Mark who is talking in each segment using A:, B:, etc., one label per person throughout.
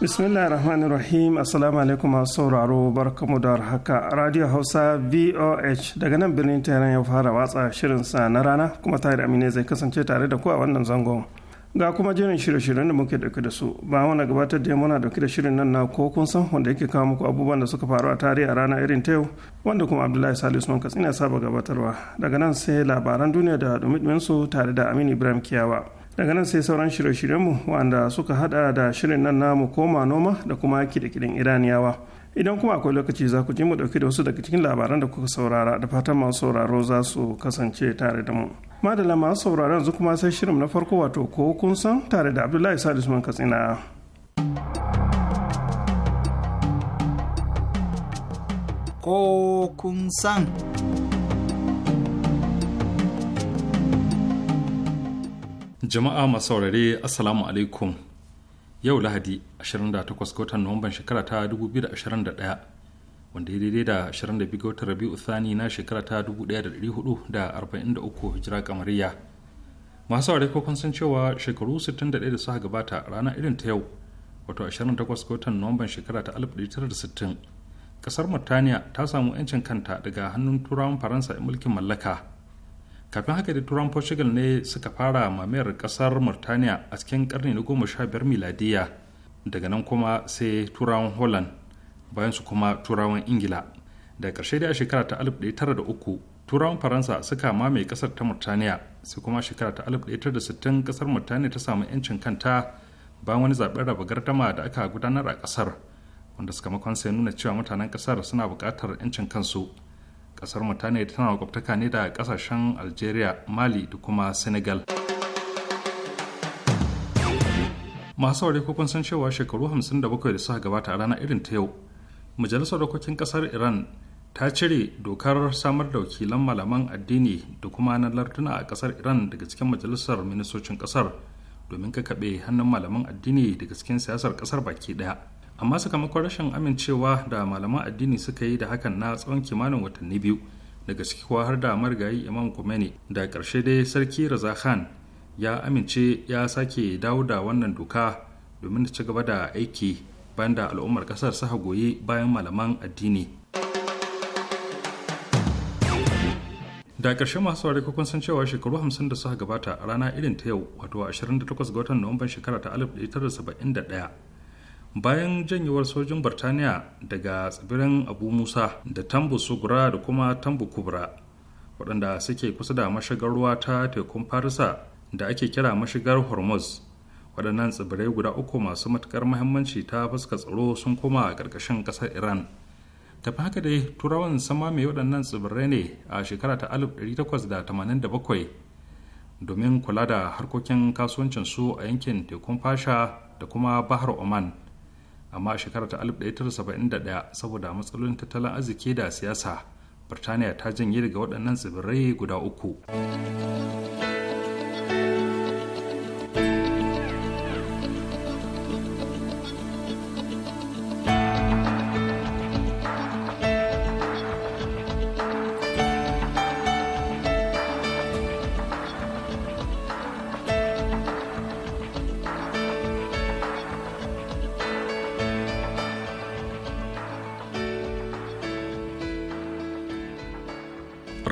A: bismillah rahman rahim assalamu alaikum masu sauraro barkamu da haka radio hausa voh daga nan birnin tehran ya fara watsa shirin sa na rana kuma tare amine zai kasance tare da ku a wannan zangon ga kuma jerin shirye-shiryen da muke dauke da su ba wani gabatar da muna dauke da shirin nan na ko kun san wanda yake kawo muku abubuwan da suka faru a tarihi a rana irin ta yau wanda kuma abdullahi salisu nun katsina saba gabatarwa daga nan sai labaran duniya da dumi su tare da aminu ibrahim kiyawa daga nan sai sauran shirye-shiryenmu wanda suka hada da shirin nan namu koma noma da kuma kide-kiden iraniyawa idan kuma akwai lokaci za ku ji mu dauki da wasu daga cikin labaran da kuka saurara da fatan masu sauraro za su kasance tare da mu madala masu sauraro yanzu kuma sai shirin na farko wato ko kun san tare da abdullahi salisu man katsina
B: ko kun san
C: Jama'a masu saurare Assalamu alaikum. Yau Lahadi 28 ga watan Nuwamban shekara ta 2021 wanda ya daidai da 22 ga watan Rabi'u Thani na shekara ta 1443 Hijira kamariya. Masu saurare kokon san cewa shekaru 61 da suka gabata rana irin ta yau wato 28 ga watan Nuwamban shekara ta 1960 kasar Murtaniya ta samu 'yancin kanta daga hannun turawan Faransa mulkin mallaka. kafin haka da turan portugal ne suka fara mamayar kasar murtaniya a cikin karni na goma sha biyar miladiya daga nan kuma sai turawan holland bayan su kuma turawan ingila da karshe da a shekara ta 1903 turawan faransa suka mamaye kasar ta murtaniya sai kuma shekara ta 1960 kasar murtaniya ta samu 'yancin kanta bayan wani zaben raba gardama da aka gudanar a kasar wanda sakamakon sai nuna cewa mutanen kasar suna bukatar 'yancin kansu kasar mutane tana makwabtaka ne da kasashen algeria mali da kuma senegal masu aure ko kun san cewa shekaru 57 da suka gabata a rana irin ta yau majalisar dokokin kasar iran ta cire dokar samar da wakilan malaman addini da kuma na larduna a kasar iran daga cikin majalisar ministocin kasar domin kakaɓe hannun malaman addini daga cikin siyasar kasar baki daya amma sakamakon rashin amincewa da malaman addini suka yi da hakan na tsawon kimanin watanni biyu daga ciki kuwa har da marigayi imam kumeni da karshe dai sarki Raza Khan ya amince ya sake dawo da wannan doka domin ta ci gaba da aiki bayan da al'ummar ƙasar su goyi bayan malaman addini da ƙarshe masu saurari kukun san cewa shekaru 50 da suka gabata rana irin ta yau wato 28 ga watan nuwamban shekara ta 1971 bayan janyewar sojin birtaniya daga tsibirin abu musa da tambu sugura da kuma tambu kubra waɗanda suke kusa da mashigar ruwa ta tekun farisa da ake kira mashigar hormuz waɗannan tsibirai guda uku masu matuƙar muhimmanci ta fuska tsaro sun koma a ƙarƙashin ƙasar iran tafi haka dai turawan sama mai waɗannan tsibirai ne a shekara ta alif da da 1887 domin kula da harkokin kasuwancin su a yankin tekun fasha da kuma bahar oman amma a shekarar ta 1971 saboda matsalolin tattalin arziki da siyasa birtaniya ta janye daga waɗannan tsibirai guda uku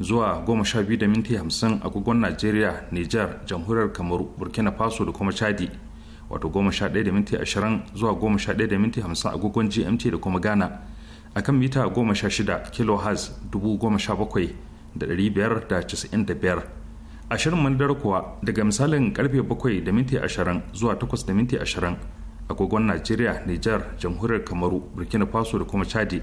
C: zuwa goma sha biyu da minti agogon najeriya nijar jamhuriyar kamaru burkina faso da kuma chadi wato goma sha ɗaya zuwa goma sha ɗaya agogon gmt da kuma ghana akan mita goma sha shida kilohertz dubu goma sha bakwai da biyar da da biyar ashirin mandar kuwa daga misalin karfe bakwai da minti ashirin zuwa takwas da minti ashirin agogon najeriya nijar jamhuriyar kamaru burkina faso da kuma chadi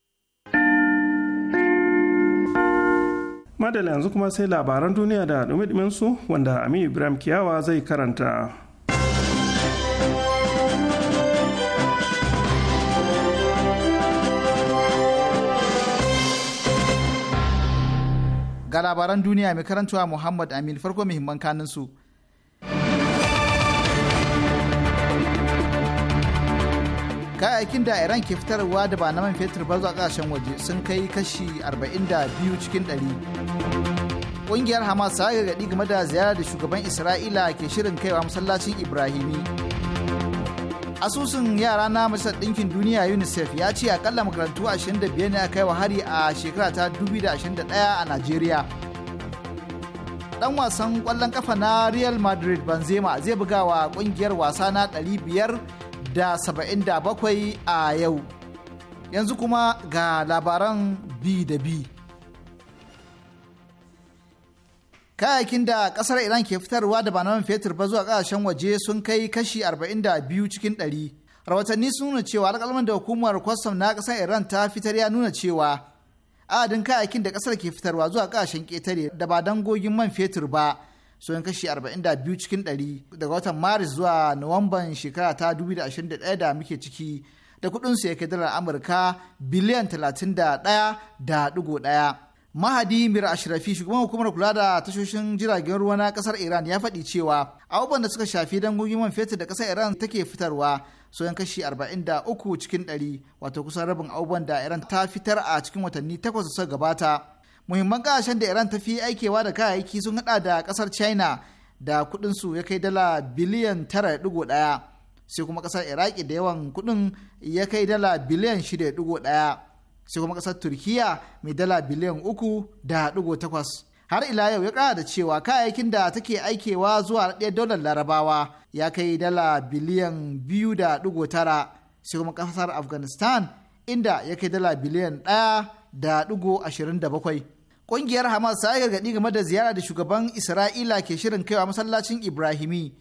A: madala yanzu kuma sai labaran duniya da dumi su wanda aminu ibrahim kiyawa zai karanta
B: ga labaran duniya mai karantawa muhammad amin farko muhimman kanin kayayyakin da iran ke fitarwa da ba na man fetur ba zuwa kasashen waje sun kai kashi 42 cikin 100 ƙungiyar hamas ta gargaɗi game da ziyarar da shugaban isra'ila ke shirin kaiwa masallacin ibrahimi asusun yara na majalisar ɗinkin duniya unicef ya ce akalla makarantu 25 ne a kai hari a shekara ta 2021 a najeriya dan wasan kwallon kafa na real madrid benzema zai buga wa kungiyar wasa na 500 da 77 a yau. Yanzu kuma ga labaran bi da bi. Kayakin da ƙasar Iran ke fitarwa da ba man fetur ba zuwa kasashen waje sun kai kashi 42 cikin 100. Rawatanni sun nuna cewa alƙalman da hukumar kwastam na ƙasar Iran ta fitar ya nuna cewa adadin kayakin da ƙasar ke fitarwa zuwa kasashen ƙetare da ba dangogin man fetur ba sun kashi 42 cikin 100 daga watan maris zuwa nuwamban shekara ta 2021 da muke ciki da kudin su ya kai dalar amurka biliyan 31.1 mahadi mir ashrafi shugaban hukumar kula da tashoshin jiragen ruwa na kasar iran ya faɗi cewa abubuwan da suka shafi dangogin man fetur da kasar iran take fitarwa sun kashi 43 cikin 100 wato kusan rabin abubuwan da iran ta fitar a cikin watanni takwas da suka gabata muhimman kasashen da iran ta fi aikewa da kayayyaki sun hada da kasar china da kudin su ya kai dala biliyan 9.1 sai kuma kasar iraki da yawan kudin ya kai dala biliyan 6.1 sai kuma kasar turkiya mai dala biliyan 3.8 har ila yau ya kara da cewa kayayyakin da take aikewa zuwa ɗaya dolar larabawa ya kai dala biliyan 2.9 sai kuma kasar afghanistan inda ya kai dala biliyan 1 da ɗigo ashirin da bakwai. Ƙungiyar Hamas ta gargaɗi game da ziyara da shugaban Isra'ila ke shirin kaiwa masallacin Ibrahimi.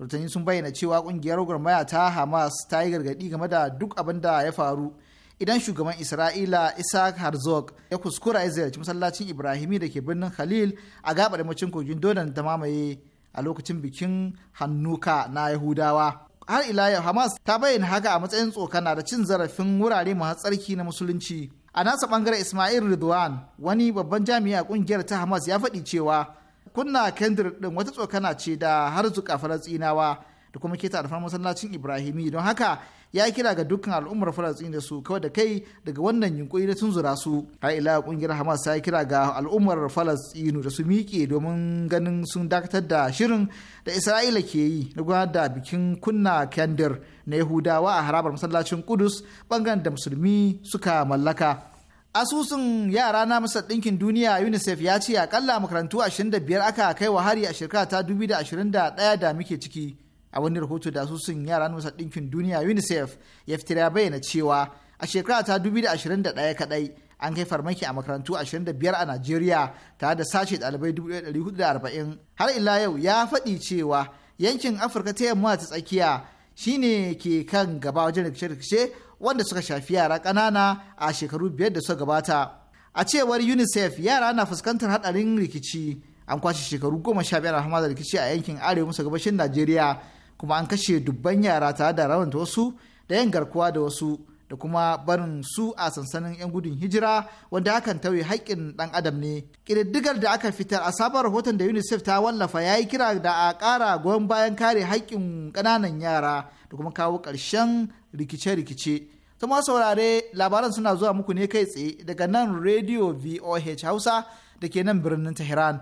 B: Rutani sun bayyana cewa ƙungiyar gwamnati ta Hamas ta yi gargaɗi game da duk abin da ya faru. Idan shugaban Isra'ila Isaac Herzog ya kuskura ya ziyarci masallacin Ibrahimi da ke birnin Khalil a gabar yammacin kogin Donan da mamaye a lokacin bikin Hannuka na Yahudawa. Har ila yau Hamas ta bayyana haka a matsayin tsokana da cin zarafin wurare masu tsarki na Musulunci. a nasa bangaren ismail ridwan wani babban jami'a a kungiyar ta hamas ya faɗi cewa kunna kendir ɗin wata tsokana ce da har harzuka falastinawa da kuma keta alfar masallacin ibrahimi don haka ya kira ga dukkan al'ummar falastin da su kawai da kai daga wannan yunkuri na tunzura su a ila kungiyar hamas ta kira ga al'ummar falastin da su miƙe domin ganin sun dakatar da shirin da isra'ila ke yi na gudanar da bikin kunna kandir na yahudawa a harabar masallacin kudus bangaren da musulmi suka mallaka asusun yara na masar ɗinkin duniya unicef ya ce akalla makarantu 25 aka kai wa hari a shekara ta 2021 da muke ciki a wani rahoto da asusun yara na ɗinkin duniya unicef ya fitar ya bayyana cewa a shekara ta 2021 kadai an kai farmaki a makarantu 25 a najeriya tare da sace ɗalibai 440 har ila yau ya faɗi cewa yankin afirka ta yamma ta tsakiya shine ke kan gaba wajen rikice-rikice wanda suka shafi yara ƙanana a shekaru biyar da suka gabata a cewar unicef yara na fuskantar haɗarin rikici an kwashe shekaru goma sha biyar a da rikici a yankin arewa maso gabashin najeriya kuma an kashe dubban yara tare da rawanta wasu da 'yan garkuwa da wasu da kuma barin su a sansanin 'yan gudun hijira wanda hakan tauye haƙƙin ɗan adam ne ƙididdigar da aka fitar a sabon rahoton da unicef ta wallafa ya yi kira da a ƙara goyon bayan kare haƙƙin ƙananan yara da kuma kawo ƙarshen rikice-rikice kuma saurare labaran suna zuwa muku ne kai tsaye daga nan Rediyo voh hausa da ke nan birnin tehran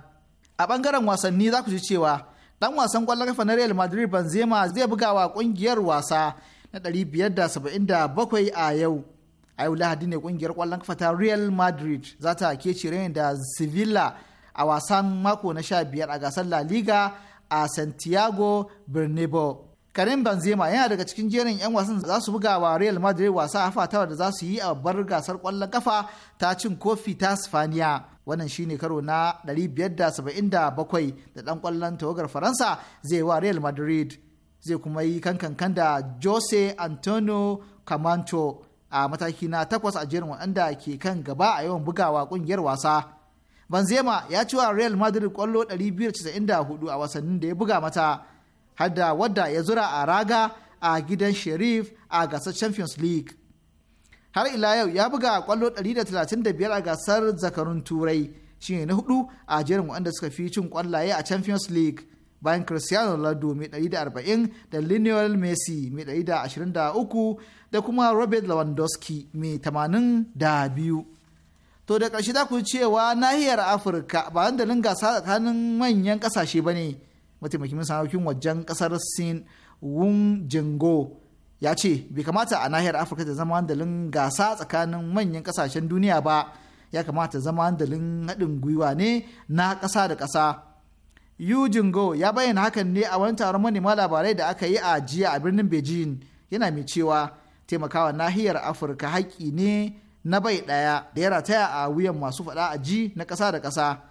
B: a ɓangaren wasanni za ku ji cewa dan wasan kwallon kafa na Real Madrid Benzema zai buga wa kungiyar wasa na 577 a yau. A yau Lahadi ne kungiyar kwallon kafa ta Real Madrid za ta ke da Sevilla a wasan mako na 15 a gasar La Liga a Santiago Bernabeu. Karim Benzema yana daga cikin jerin 'yan wasan za su buga wa Real Madrid wasa a fatawa da za su yi a babbar gasar kwallon kafa ta cin kofi ta Sifaniya. Wannan shine karo na 577 da ɗan ƙwallon tawagar Faransa zai wa Real Madrid. Zai kuma yi kankan da Jose Antonio Camanto a mataki na takwas a jerin waɗanda ke kan gaba a yawan bugawa ƙungiyar wasa. Benzema ya ci wa Real Madrid ƙwallo 294 a wasannin da ya buga mata. hadda wadda ya zura a raga a gidan Sherif a gasar Champions League. Har ila yau ya buga kwallo 135 a gasar zakarun Turai shi ne na hudu a jerin wanda suka fi cin kwallaye a Champions League bayan Cristiano Ronaldo mai 140 da Lionel Messi mai 123 da kuma Robert Lewandowski mai 82. To da ƙarshe za ku cewa nahiyar Afirka ba dandalin gasa tsakanin manyan ƙasashe ba ne. mataimakin masaraukin wajen kasar sin wun jingo ya ce bai kamata a nahiyar afirka ta zama dalin gasa tsakanin manyan kasashen duniya ba ya kamata zama dalin haɗin gwiwa ne na ƙasa da ƙasa yu jingo ya bayyana hakan ne a wani taron manema labarai da aka yi a jiya a birnin beijing yana mai cewa taimakawa nahiyar afirka haƙƙi ne na bai ɗaya da ya rataya a wuyan masu faɗa a ji na ƙasa da ƙasa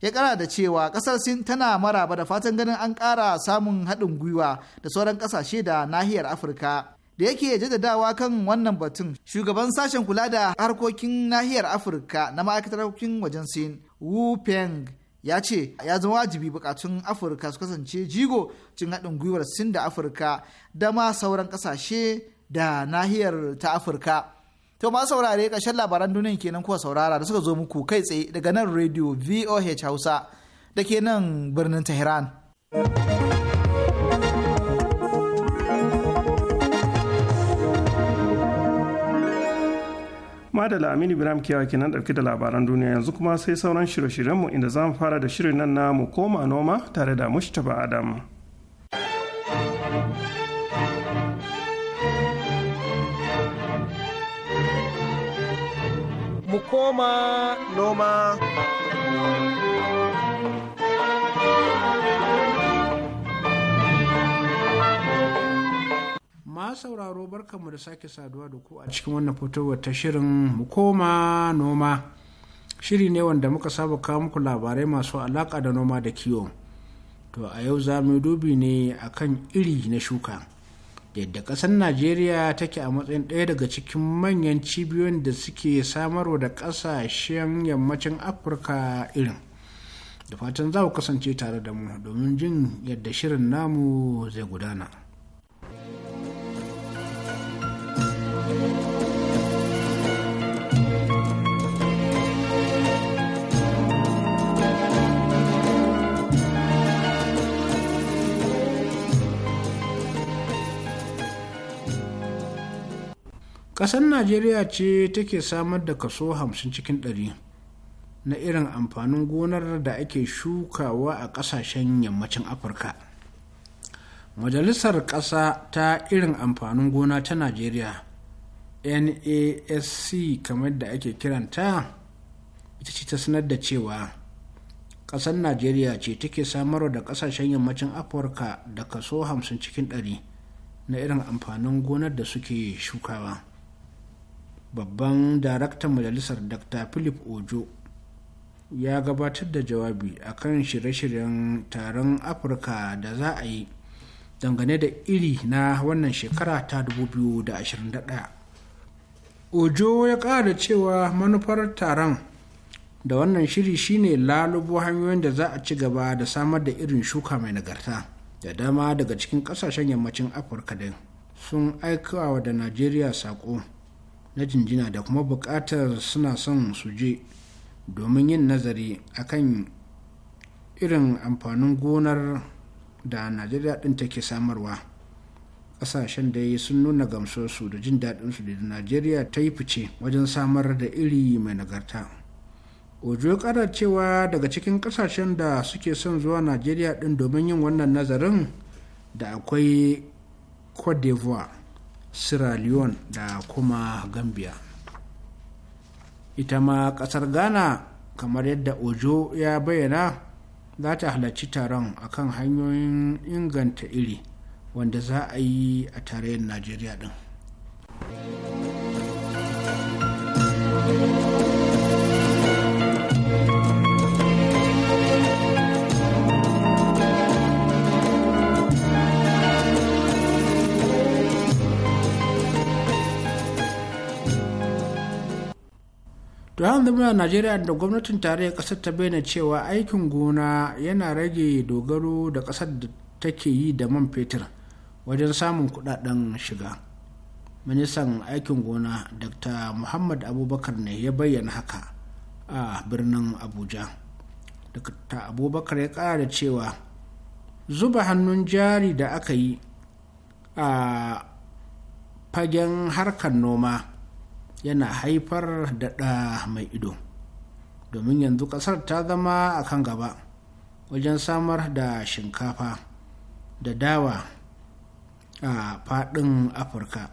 B: ya kara da cewa kasar sin tana maraba da fatan ganin an kara samun haɗin gwiwa da sauran ƙasashe da nahiyar afirka da yake jaddadawa kan wannan batun shugaban sashen kula da harkokin nahiyar afirka na ma'aikatar harkokin wajen sin wu peng ya ce ya zama wajibi bukatun afirka su kasance jigo cin haɗin gwiwar sin da afirka da ma sauran ƙasashe da nahiyar ta afirka To ma saurare ƙarshen labaran duniyan kenan kuwa saurara da suka zo muku kai tsaye daga nan Radio VOH Hausa da ke nan birnin Tehran.
A: Madala Aminu Ibrahim Kiyawa kenan ɗauke da labaran duniya yanzu kuma sai sauran shirye-shiryenmu inda za mu fara da shirin nan na mu koma noma tare da Mustapha Adam. mu koma noma.
D: Ma sauraro barkanmu da sake saduwa da ku a cikin wannan fitowar ta shirin mu koma noma. Shiri ne wanda muka saba kawo muku labarai masu alaƙa da noma da kiwo. To a yau za mu dubi ne akan iri na shuka. yadda ƙasar najeriya take a matsayin ɗaya daga cikin manyan cibiyoyin da suke samarwa da ƙasashen yammacin afirka irin da fatan za ku kasance tare da mu domin jin yadda shirin namu zai gudana. ƙasar najeriya ce take samar da kaso 50 cikin 100 na irin amfanin gonar da ake shukawa a ƙasashen yammacin afirka majalisar ƙasa ta irin amfanin gona ta najeriya nasc kamar da ake kiranta ita ce ta sanar da cewa ƙasar najeriya ce take samar da ƙasashen yammacin afirka da kaso 50 cikin 100 na irin amfanin gonar da suke shukawa babban daraktan majalisar dr philip ojo ya gabatar da jawabi akan shirye-shiryen taron afirka da za a yi dangane da iri na wannan shekara ta 2021 ojo ya ƙara cewa manufar taron da wannan shiri shine lalubo hanyoyin da za a ci gaba da samar da irin shuka mai nagarta da dama daga cikin ƙasashen yammacin afirka din sun aikawa da najeriya saƙo na jinjina da kuma buƙatar suna son su je domin yin nazari a kan irin amfanin gonar da najeriya ɗin take samarwa ƙasashen da sun nuna gamsosu da jin daɗinsu da najeriya ta yi fice wajen samar da iri mai nagarta ojo ƙara cewa daga cikin ƙasashen da suke son zuwa najeriya ɗin domin yin wannan nazarin da akwai cote d'ivoire sierra leone da kuma gambia ita ma kasar ghana kamar yadda ojo ya bayyana za ta halarci taron akan hanyoyin inganta iri wanda za a yi a tarayyar najeriya din. to zama najeriya da gwamnatin tarayyar kasar ta bayyana cewa aikin gona yana rage dogaro da kasar da take yi da man fetur wajen samun kudaden shiga ministan aikin gona dr muhammad abubakar ne ya bayyana haka a birnin abuja dr abubakar ya kara da cewa zuba hannun jari da aka yi a fagen harkar noma yana haifar da ɗa mai ido domin yanzu ƙasar ta zama a kan gaba wajen samar da shinkafa da dawa a faɗin afirka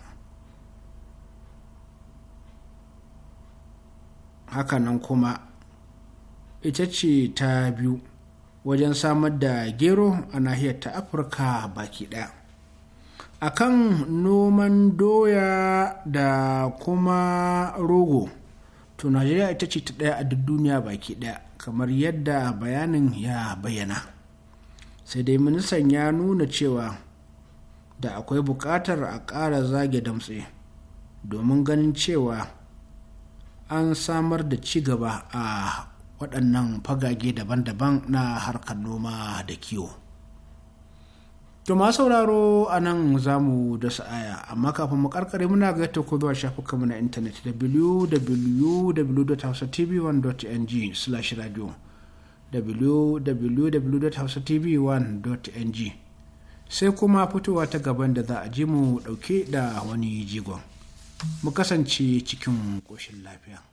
D: hakanan kuma ita ce ta biyu wajen samar da gero a nahiyar ta afirka baki ɗaya a kan noman doya da kuma rogo to najeriya ita ce ta ɗaya a duk duniya baki ɗaya kamar yadda bayanin ya bayyana sai dai ministan ya nuna cewa da akwai buƙatar a ƙara zage damtse domin ganin cewa an samar da ci gaba a waɗannan fagage daban-daban na harkar noma da kiwo To ma sauraro a nan za mu da sa'aya amma kafin mu karkare muna ga ta ko zuwa shafukanmu na intanet www.hausatv1.ng slash radio www.hausatv1.ng sai kuma fitowa ta gaban da za a ji mu dauke da wani jigon mu kasance cikin koshin lafiya.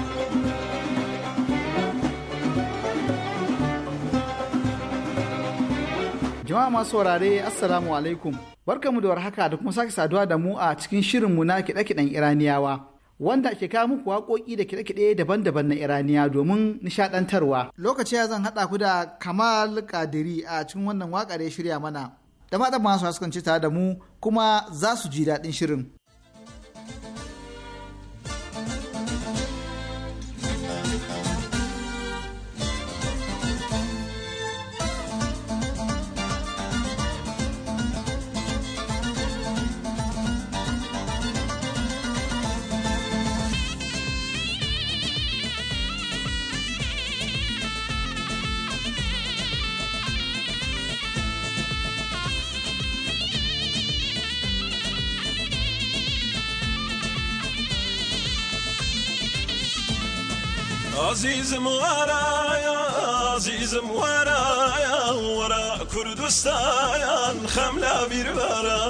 B: Jama'a masu saurare Assalamu alaikum. mu da warhaka da kuma sake saduwa da mu a cikin shirinmu na kiɗe-kiɗen Iraniyawa. Wanda ke kawo muku waƙoƙi da kiɗe-kiɗe daban-daban na Iraniya domin nishaɗantarwa. Lokaci ya zan haɗa ku da Kamal Kadiri a cikin wannan waƙa da ya shirya mana. Da matan masu haskanci tare da mu kuma za su ji daɗin shirin.
E: عزیزم وەرایە عزیزم وەرایە وەرە کوردستایان خەم لە بیربەرە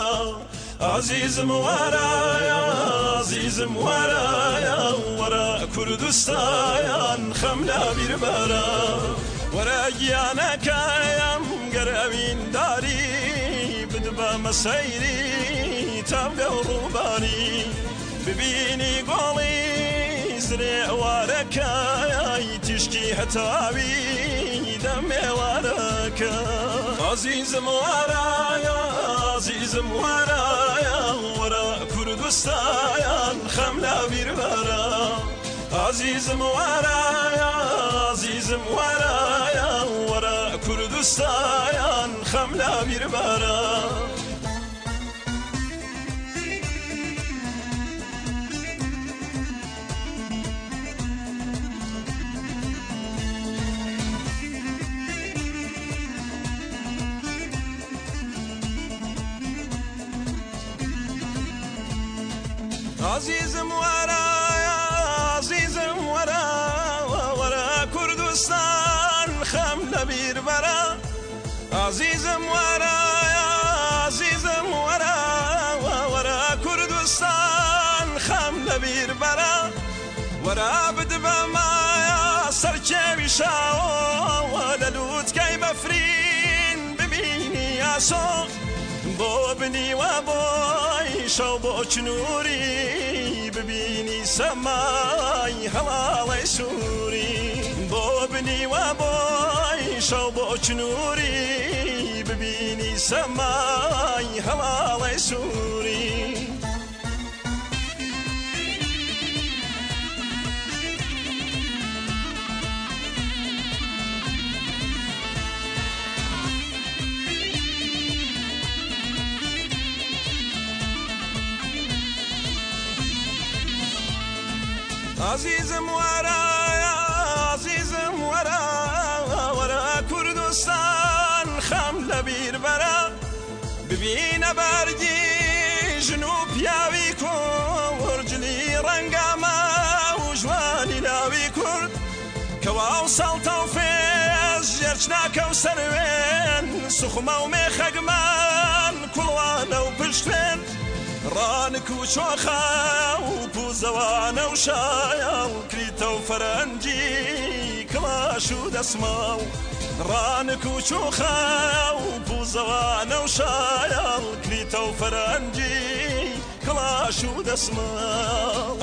E: عزیزم وەرایە عزیزم وەرایە وەرە کوردستایان خەم لە بیربەرە وەرە گیانەکەیم گەرەوین داری بد بە مەسەیری تام گەڵ ڕووبانی ببینی گۆڵی سرێ وارەکەی تیشکی هەتاوی دەمێ وارەکە ئازیزم وارایە ئازیزم وارایە وەرە کوردستایان خەم لاویربەرە ئازیزم وارایە ئازیزم وارایە وەرە کوردستایان خەم لاویربەرە عزیزم ورا عزیزم ورا ورا کردستان خم نبیر ورا عزیزم ورا عزیزم ورا ورا کردستان خم نبیر ورا ورا بد با ما سرچه چه و دلود کی بفرین ببینی عاشق بۆ بنیوە بۆی شەو بۆ چنووری ببینی سەمای هەڵاڵی سووری بۆ بنیوە بۆی شەو بۆ چنووری ببینی سەمای هەڵاڵی سووری عزیزم ورا عزیزم ورا ورا کردستان خم لبیر برا ببین برگی جنوب یاوی کرد جلی رنگ ما و جوانی لاوی کرد که واو سلطا و فیز جرچناک و سروین سخمه و میخگمان کلوان و پشتوین ڕانک و شوخا و پوزەوانە و شایە و کریتە و فەرەنجی کلاش و دەسما و ڕانک و چۆخا و پوزەوانە و شایە و کریتە و فەرەنجی کلاش و دەسما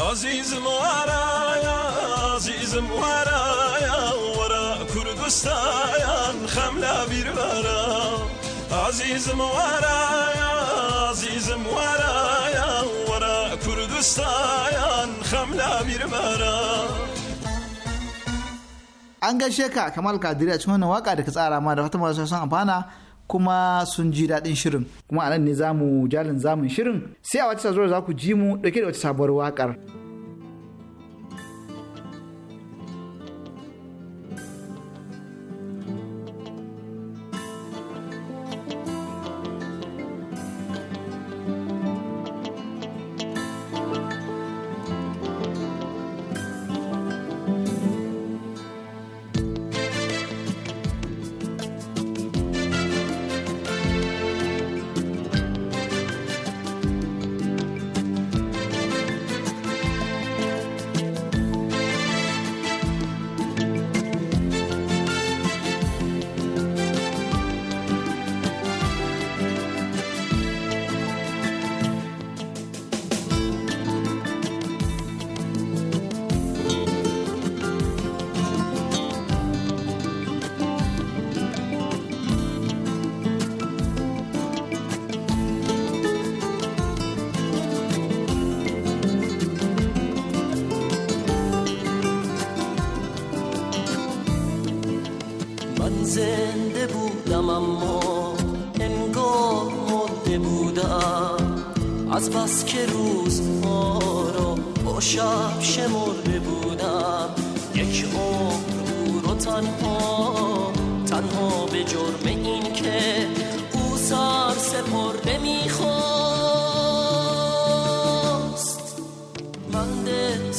E: ئازیزم وارایە ئازیزم وارایە وەرە کوردستایان خەم لا بیربارە ئازیزم وارایە عزیزم وەرە hamla
B: an gaishe ka kamal kadiri a cikin wannan waka da ka tsara ma da fatan masu son amfana kuma sun ji daɗin shirin kuma anan ne zamu jalin zamun shirin sai a wata sazuwar za ku ji mu ɗauke da wata sabuwar waƙar.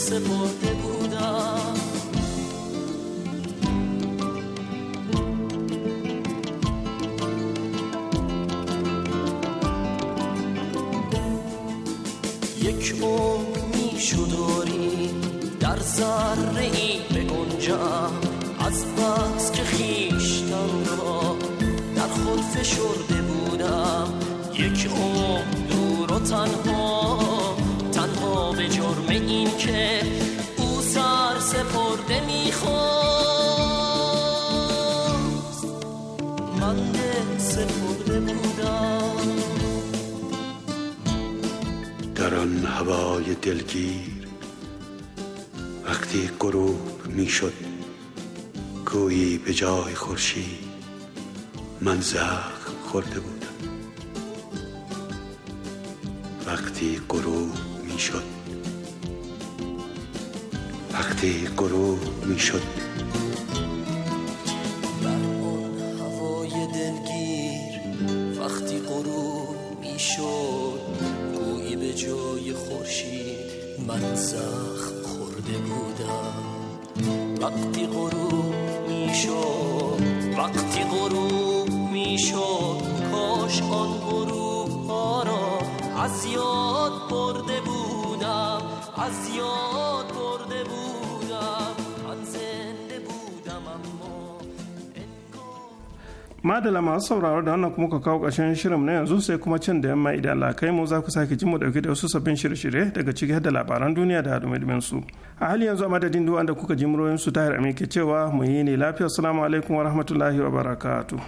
F: se podía.
D: شد
A: گویی به جای خورشید من زخم
D: خورده بودم وقتی گروه می شد وقتی گروه می شد
F: هوای دلگیر وقتی غروب می شد به جای من زخم خورده بودم وقتی غروب میشد وقتی غروب میشد کاش آن غروب ها را از یاد
A: madala masu sauraro da wannan kuma ka kawo ƙarshen shirin na yanzu sai kuma can da yamma idan lakai mu za ku sake ji mu dauke da wasu sabbin shirye-shirye daga ciki da labaran duniya da dumi su a hali yanzu a madadin duwan da kuka ji muryoyin su tahir amin ke cewa mu yi ne lafiya assalamu alaikum wa rahmatullahi wa barakatu.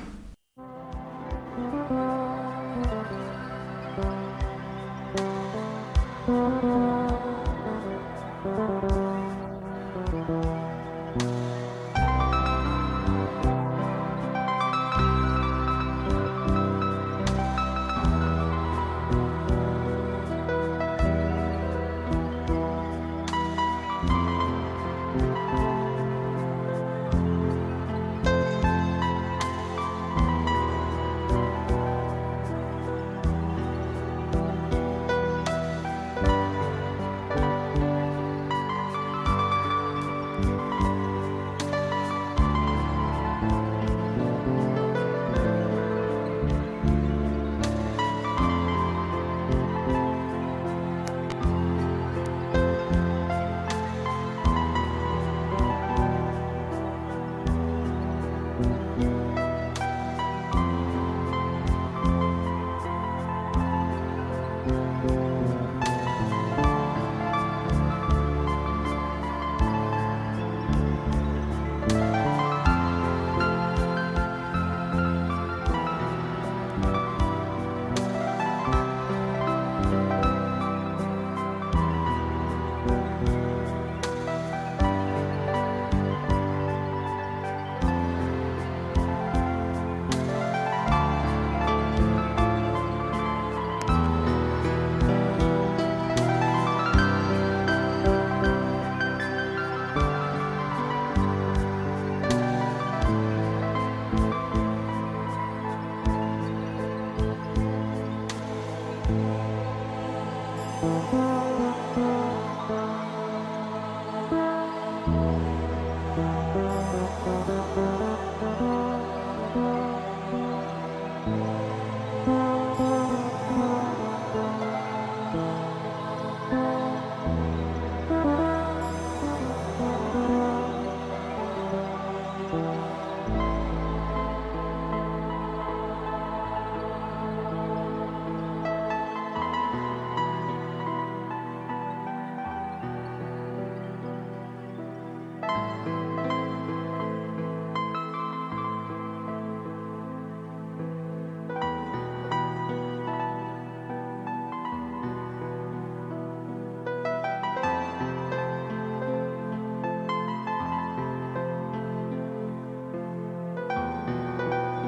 G: Thank you.